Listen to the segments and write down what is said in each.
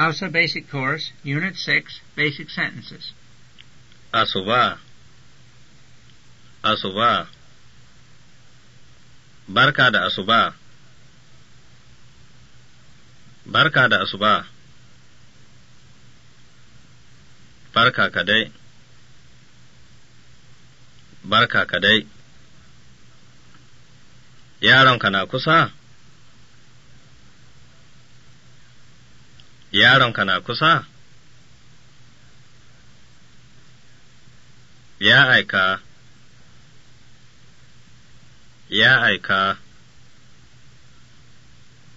Hausa Basic Course, Unit 6, Basic Sentences. Asoba, Asuba. Barka da asuba. Barka da asuba. Barka kadai. Barka kadai. Yaronka na kusa? yaronka na kusa? Ya aika, ya aika,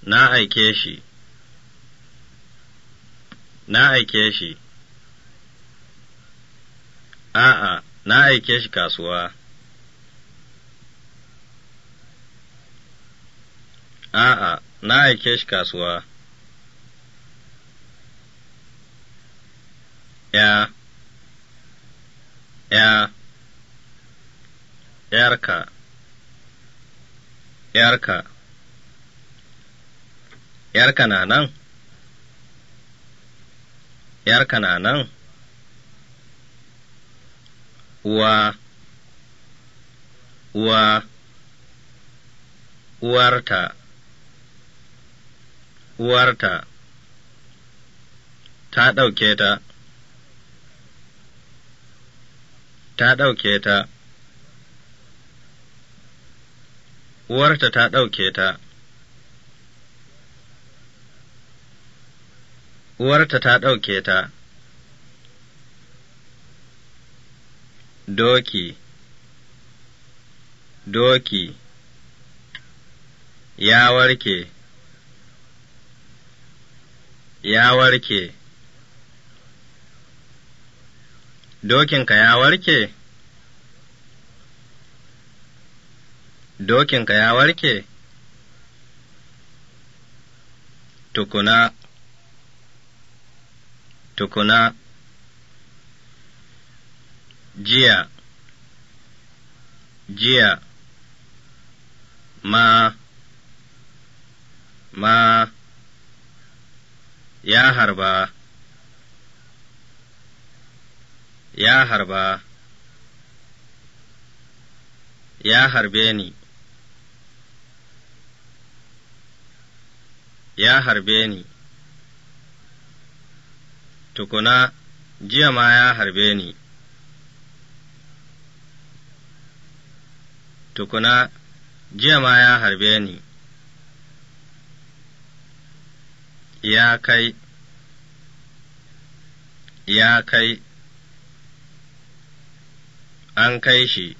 na aike shi, na aike shi, a'a, na aike shi kasuwa. A'a, na aike shi kasuwa. ‘yarka, ‘yarka na nan, ‘yarka na nan, uwa, uwa, uwarta, uwarta, ta ɗauke ta, ta ɗauke ta. uwarta ta ɗauke ta. Uwarta ta ɗauke ta. Doki, doki, ya warke, ya warke, dokinka ya warke? dokinka ya warke? Tukuna, tukuna, jiya, jiya, ma, ma, ya harba, ya harba, ya harbe ni. ya harbe ni, tukuna jiya ma ya harbe ni, tukuna jiya ma ya harbe ni, ya kai, ya kai, an kai shi,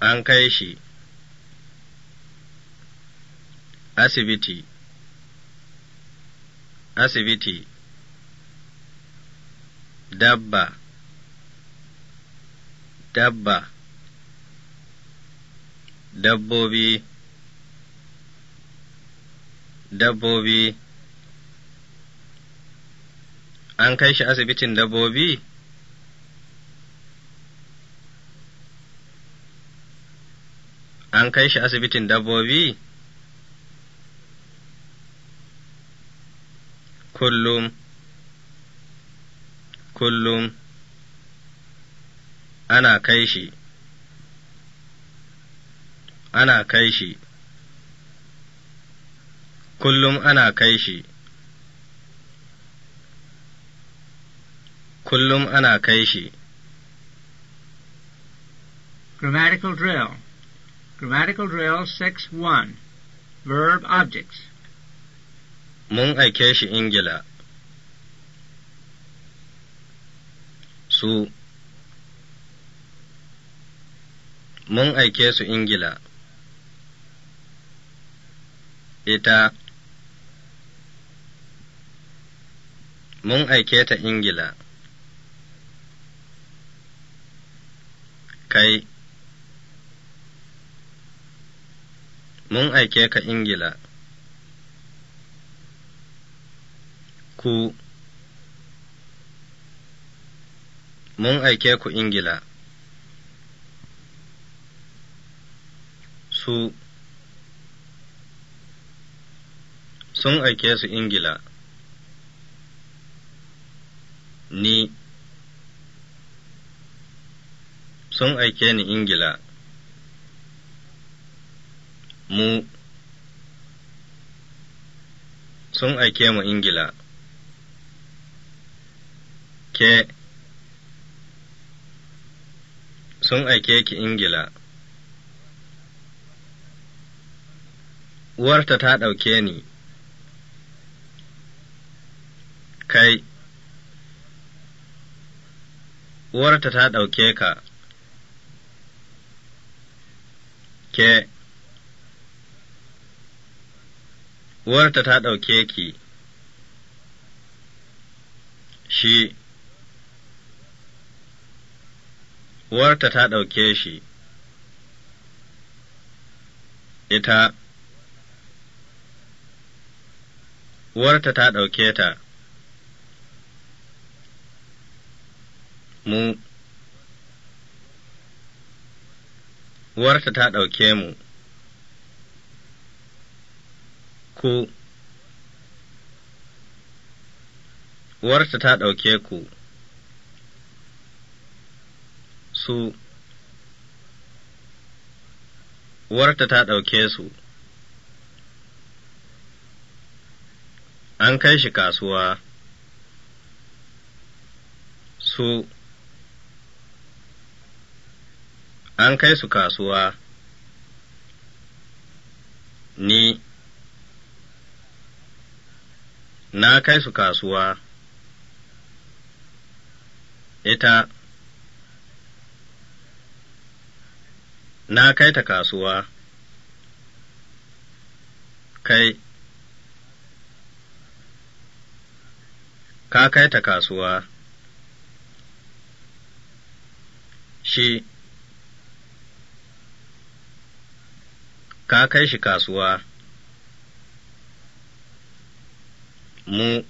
an kai shi. asibiti asibiti dabba dabba dabbobi dabbobi an kai shi asibitin dabbobi an kai shi asibitin dabbobi كل كل أنا كيشي أنا كيشي كل أنا كيشي كل أنا كيشي Grammatical drill. Grammatical drill 6 1. Verb objects. mun aike shi Ingila. Su Mun aike su Ingila. Ita Mun aike ta Ingila. Kai Mun aike ka Ingila. ku mun aike ku Ingila, su sun aike su Ingila, ni sun aike ni Ingila, mu sun aike mu Ingila. ke sun aike ki Ingila. Uwarta ta ɗauke ni, kai, uwarta ta ɗauke ka, ke, uwarta ta ɗauke ki, shi. uwarta ta ɗauke shi, ita, uwarta ta ɗauke ta, mu, uwarta ta ɗauke mu, ku, uwarta ta ɗauke ku. su uwarta ta ɗauke su an kai shi kasuwa su an kai su kasuwa ni na kai su kasuwa ita na kai ta kasuwa, kai, ka kai ta kasuwa, shi, ka kai shi kasuwa, mu,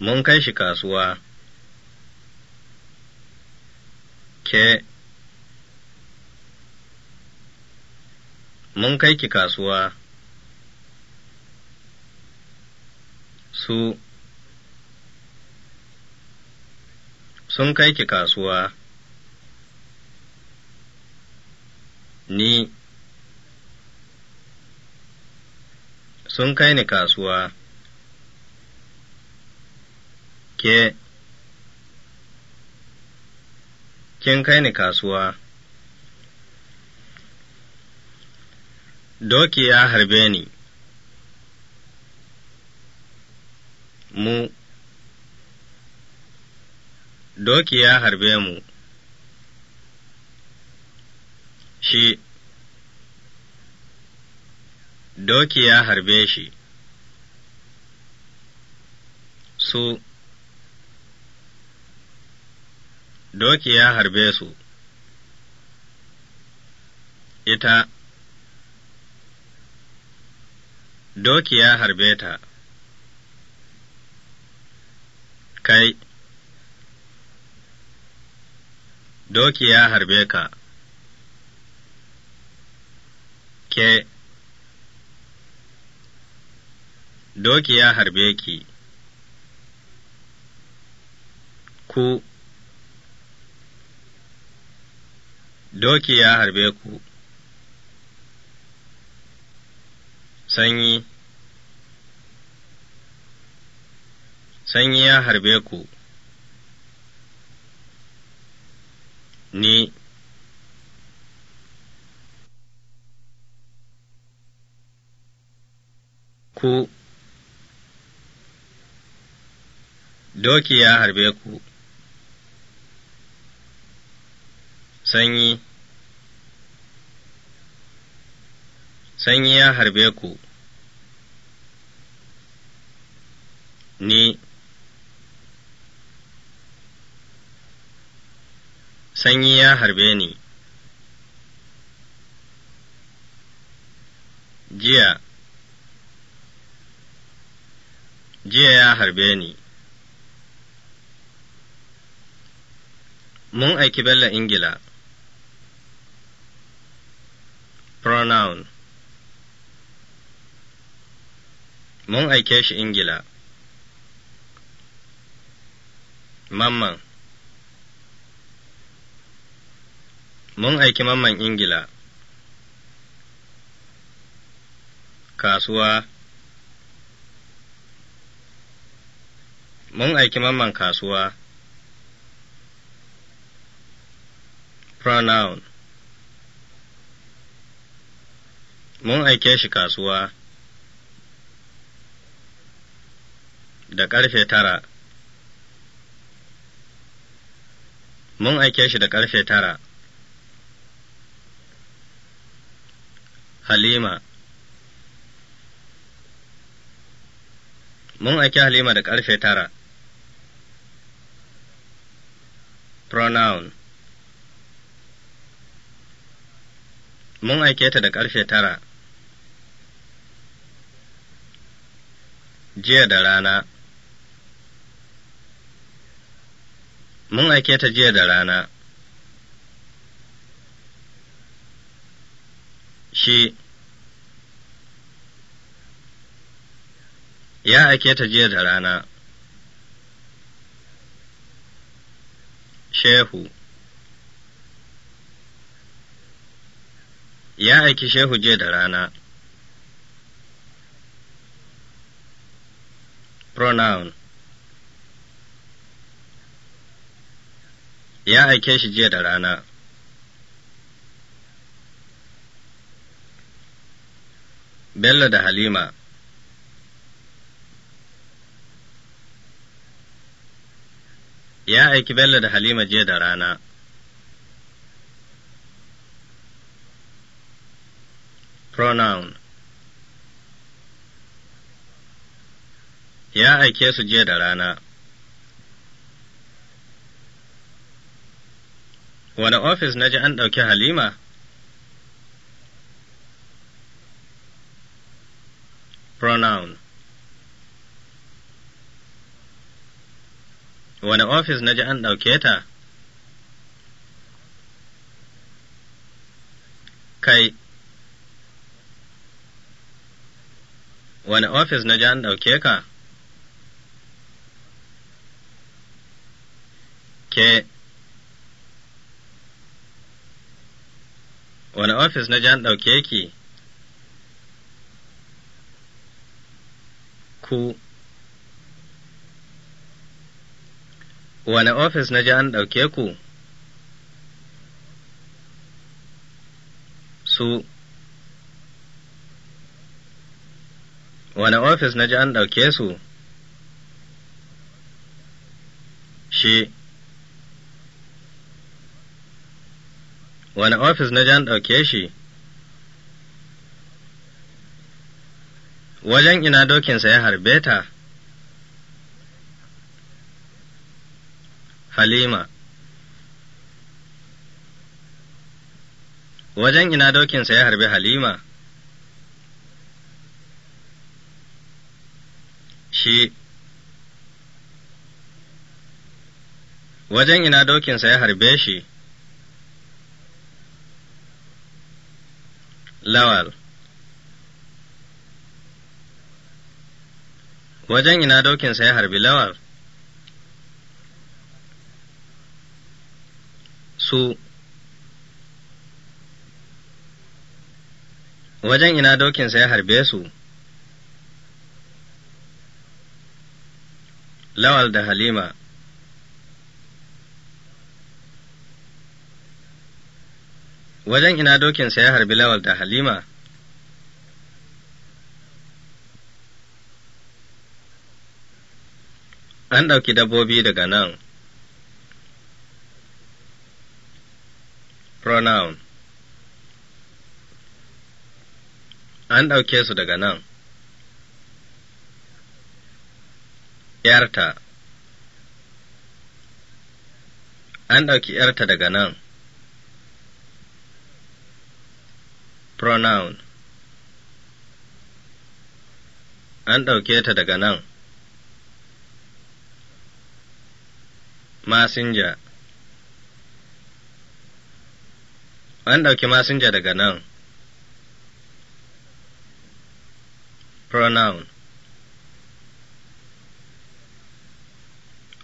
mun kai shi kasuwa. ke mun kai ki kasuwa su sun kai ki kasuwa ni sun kai ni kasuwa ke kin kai ni kasuwa. Doki ya harbe ni. Mu Doki ya harbe mu. Shi Doki ya harbe shi. Su doke ya harbe su, ita, doke ya harbe ta, kai, doke ya harbe ka, ke, doke ya harbe ki, ku, Doki ya harbe ku, sanyi, sanyi ya harbe ku, ni, ku, doki ya harbe ku, sanyi, sanyi ya harbe ku, ni, sanyi ya harbe ni, jiya, jiya ya harbe ni. Mun aiki Bello Ingila. Pronoun mun aike shi Ingila. Mamman Mun aiki mamman Ingila. Kasuwa Mun aiki mamman kasuwa. Pronoun Mun aike shi kasuwa. da ƙarfe tara. Mun aike shi da ƙarfe tara. Halima Mun aike Halima da ƙarfe tara. Pronoun Mun aike ta da ƙarfe tara. Jiya da rana. mun aike ta jiya da rana. Shi ya aike ta jiya da rana. Shehu ya aiki Shehu jiya da rana. Pronoun ya aike shi jiya da rana. Bello da Halima Ya aiki Bello da Halima jiya da rana. Pronoun Ya aike su jiya da rana. wani ofis na ji an ɗauki halima pronoun wani ofis na ji an ɗauke ta kai wani ofis na ji an ɗauke ka ke wani ofis na jan ɗauke ki ku wani ofis na jan ɗauke ku su wani ofis na jan an ɗauke su shi wani ofis na jan ɗauke shi wajen ina dokinsa ya harbe ta halima wajen ina dokinsa ya harbe halima shi wajen ina dokinsa ya harbe shi lawal wajen ina daukinsa sai harbi lawal su wajen ina dokinsa sai harbe su lawal da halima wajen ina dokinsa ya harbi lawal da halima an ɗauki dabbobi daga nan pronoun an ɗauke su daga nan ‘yarta an ɗauki ‘yarta daga nan Pronoun An ɗauke ta daga nan. Masinja An ɗauki masinja daga nan. Pronoun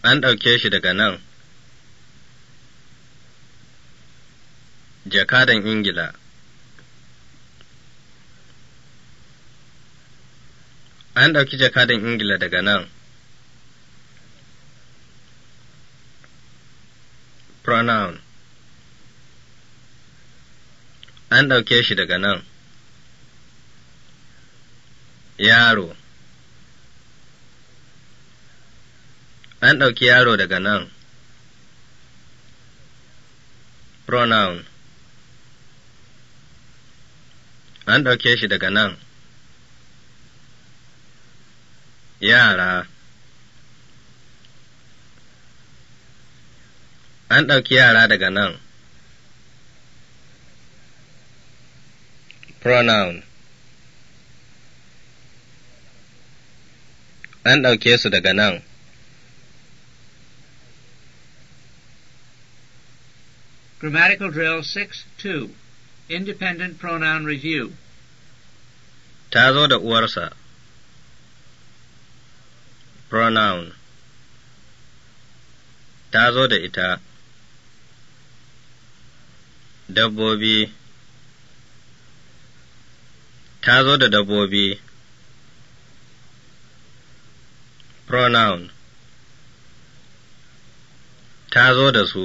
An ɗauke shi daga nan. Jakadan Ingila an ɗauki jakadan ingila daga nan pronoun an ɗauke shi daga nan yaro an ɗauki yaro daga nan pronoun an ɗauke shi daga nan Yara An ɗauki yara daga nan. Pronoun An ɗauke su daga nan. Grammatical Drill 6-2 Independent Pronoun Review Ta zo da uwarsa. pronoun ta zo da ita dabbobi ta zo da dabbobi pronoun ta zo da su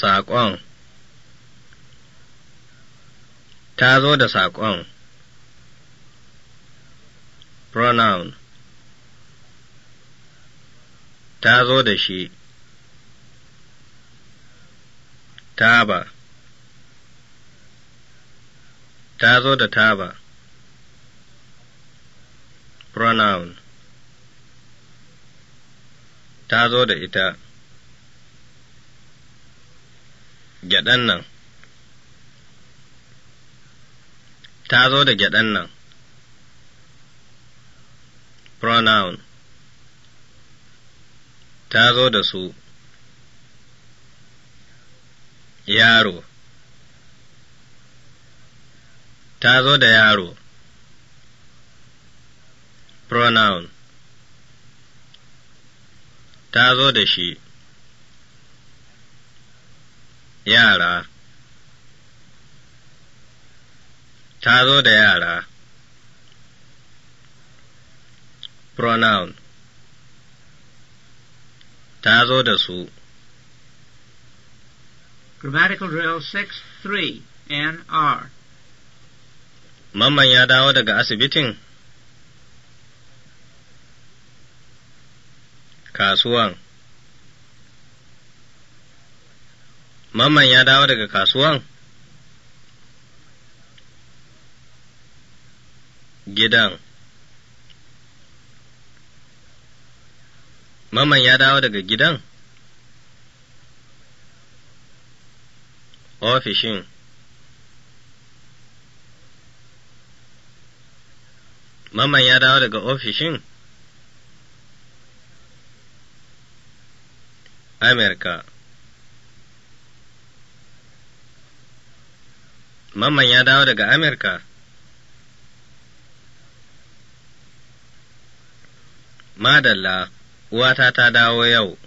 saƙon ta zo da saƙon pronoun ta zo da shi taba ta zo da taba pronoun ta zo da ita gyaɗan nan ta zo da gyaɗan nan pronoun ta zo da su yaro ta zo da yaro pronoun ta zo da shi yara ta zo da yara pronoun ta zo da su grammatical drill 6-3 nr mamman ya dawo daga asibitin kasuwan mamman ya dawo daga kasuwan gidan Maman ya dawo daga gidan? Ofishin. Maman ya dawo daga ofishin? Amerika. Maman ya dawo daga Amerika? Madalla. uwata ta dawo yau.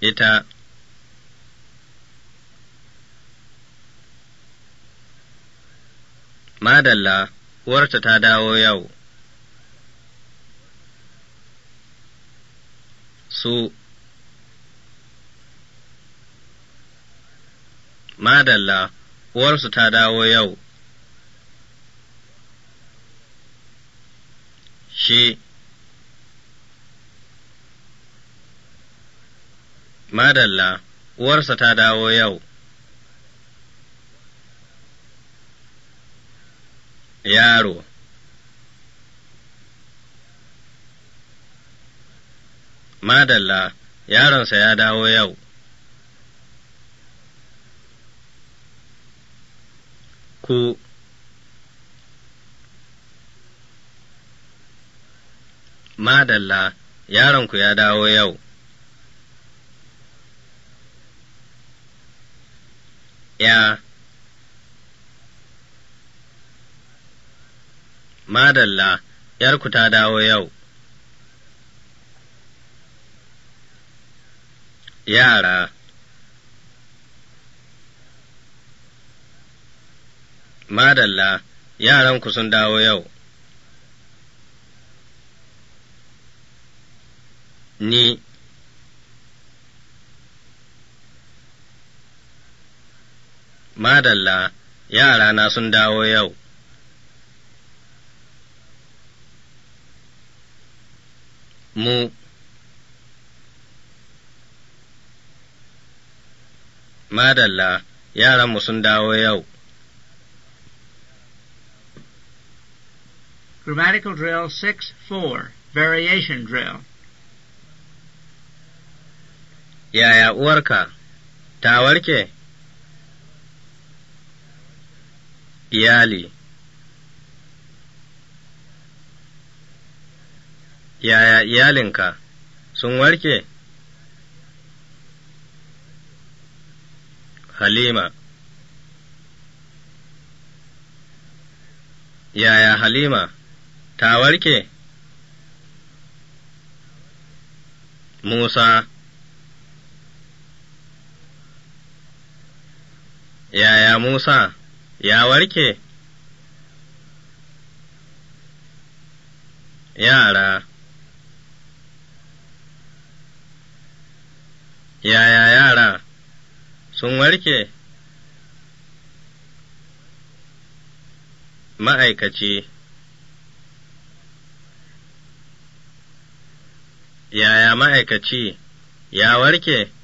Ita Madalla, uwarta ta dawo yau. Su Madalla, uwarsu ta dawo yau. ce, Madalla, uwarsa ta dawo yau. Yaro Madalla, yaronsa ya dawo yau. Ku madalla yaronku ya dawo yau. Ya Madalla, ‘yarku ta dawo yau. Yara Madalla, yaranku sun dawo yau. ni madalla yarana sun dawo yau mu madalla yaranmu sun dawo yau Grammatical Drill 6-4 Variation Drill yaya uwarka, ta warke? Iyali Yaya iyalinka, sun warke? Halima Yaya Halima, ta warke? Musa yaya Musa ya warke? Yara Yaya yara sun warke? Ma'aikaci Yaya ma'aikaci ya warke?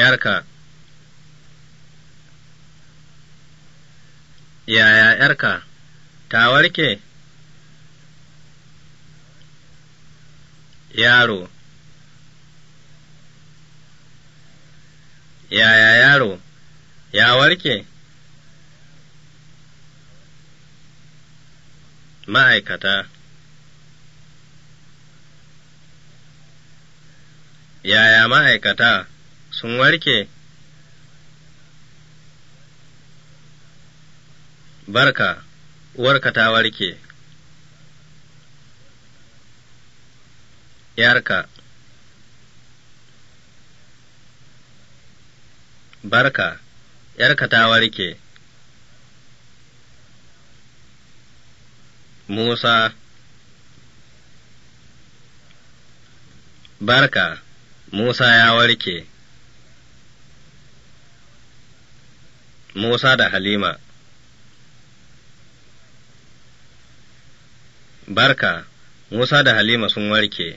‘yarka, yaya ‘yarka, ta warke? Yaro, yaya yaro, ya warke? Ma'aikata. yaya ma'aikata sun warke barka uwarka ta warke yarka barka yarka ta warke Musa Barka, Musa ya warke. Musa da Halima Barka, Musa da Halima sun warke.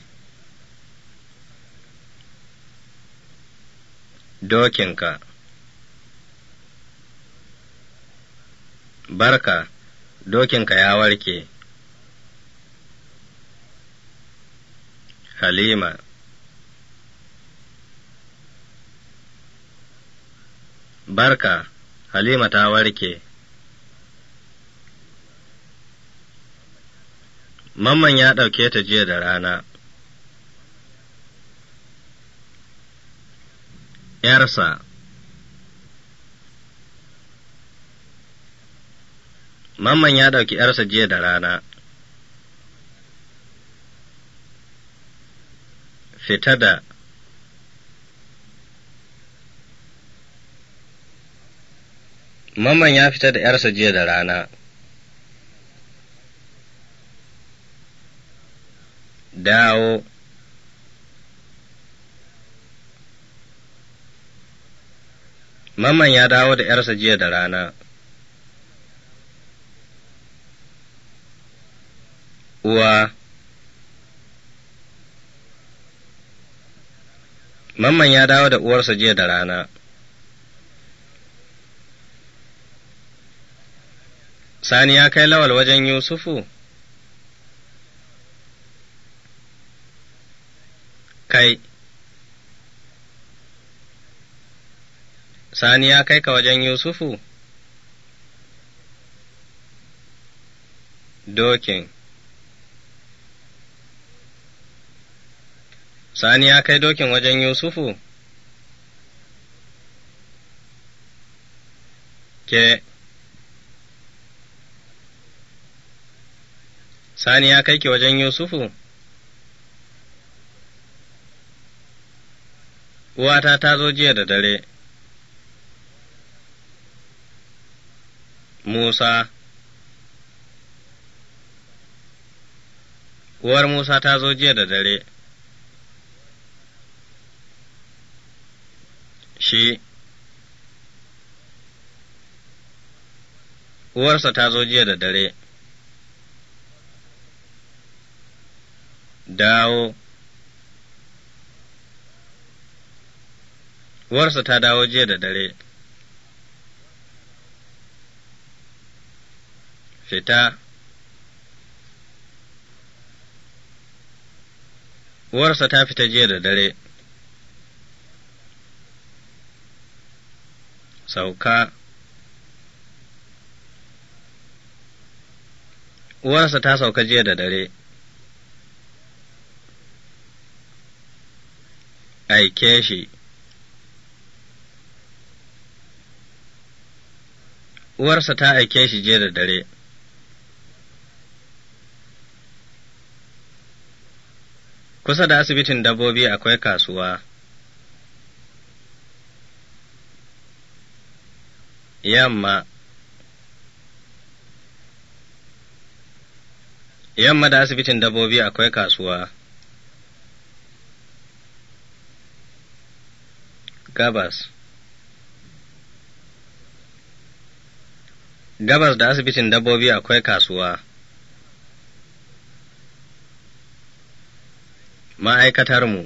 Dokinka Barka, dokinka ya warke. Halima Barka, Halima ta warke. Mamman ya ɗauke ta jiya da rana. ‘Yarsa Mamman ya ɗauki ‘yarsa jiya da rana. Fita da Mamman ya fita da ‘yarsa jiya da rana. Dawo Mamman ya dawo da ‘yarsa jiya da rana. Uwa Mamman ya dawo da uwarsa jiya da rana. Sani ya kai lawal wajen Yusufu? Kai. Sani ya kai ka wajen Yusufu? Dokin. Sani ya kai dokin wajen Yusufu? Ke. Sani ya kai ki wajen Yusufu? Uwata ta zo jiya da dare. Musa Uwar Musa ta zo jiya da dare. Shi Uwarsa ta zo jiya da dare. dawo uwarsa ta dawo jiya da dare fita uwarsa ta fita jiya da dare sauka uwarsa ta sauka jiya da dare aike shi. Uwarsa ta aike shi je da dare. Kusa da asibitin dabbobi akwai kasuwa. Yamma Yamma da asibitin dabbobi akwai kasuwa. gabas gabas da asibitin dabbobi akwai kasuwa ma'aikatarmu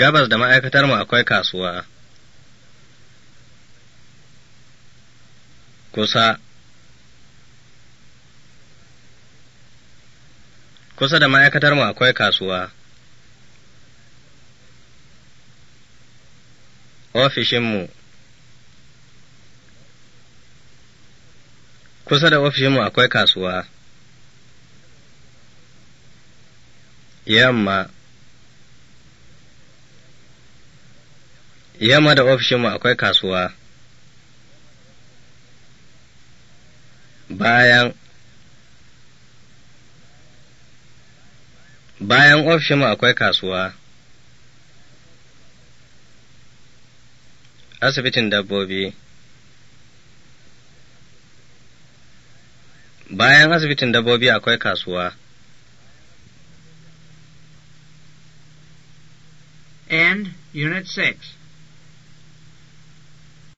gabas da ma'aikatarmu akwai kasuwa kusa kusa da ma'aikatarmu akwai kasuwa ofishinmu kusa da ofishinmu akwai kasuwa yamma yamma da ofishinmu akwai kasuwa bayan bayan ofishinmu akwai kasuwa asibitin dabbobi bayan asibitin dabbobi akwai kasuwa and unit 6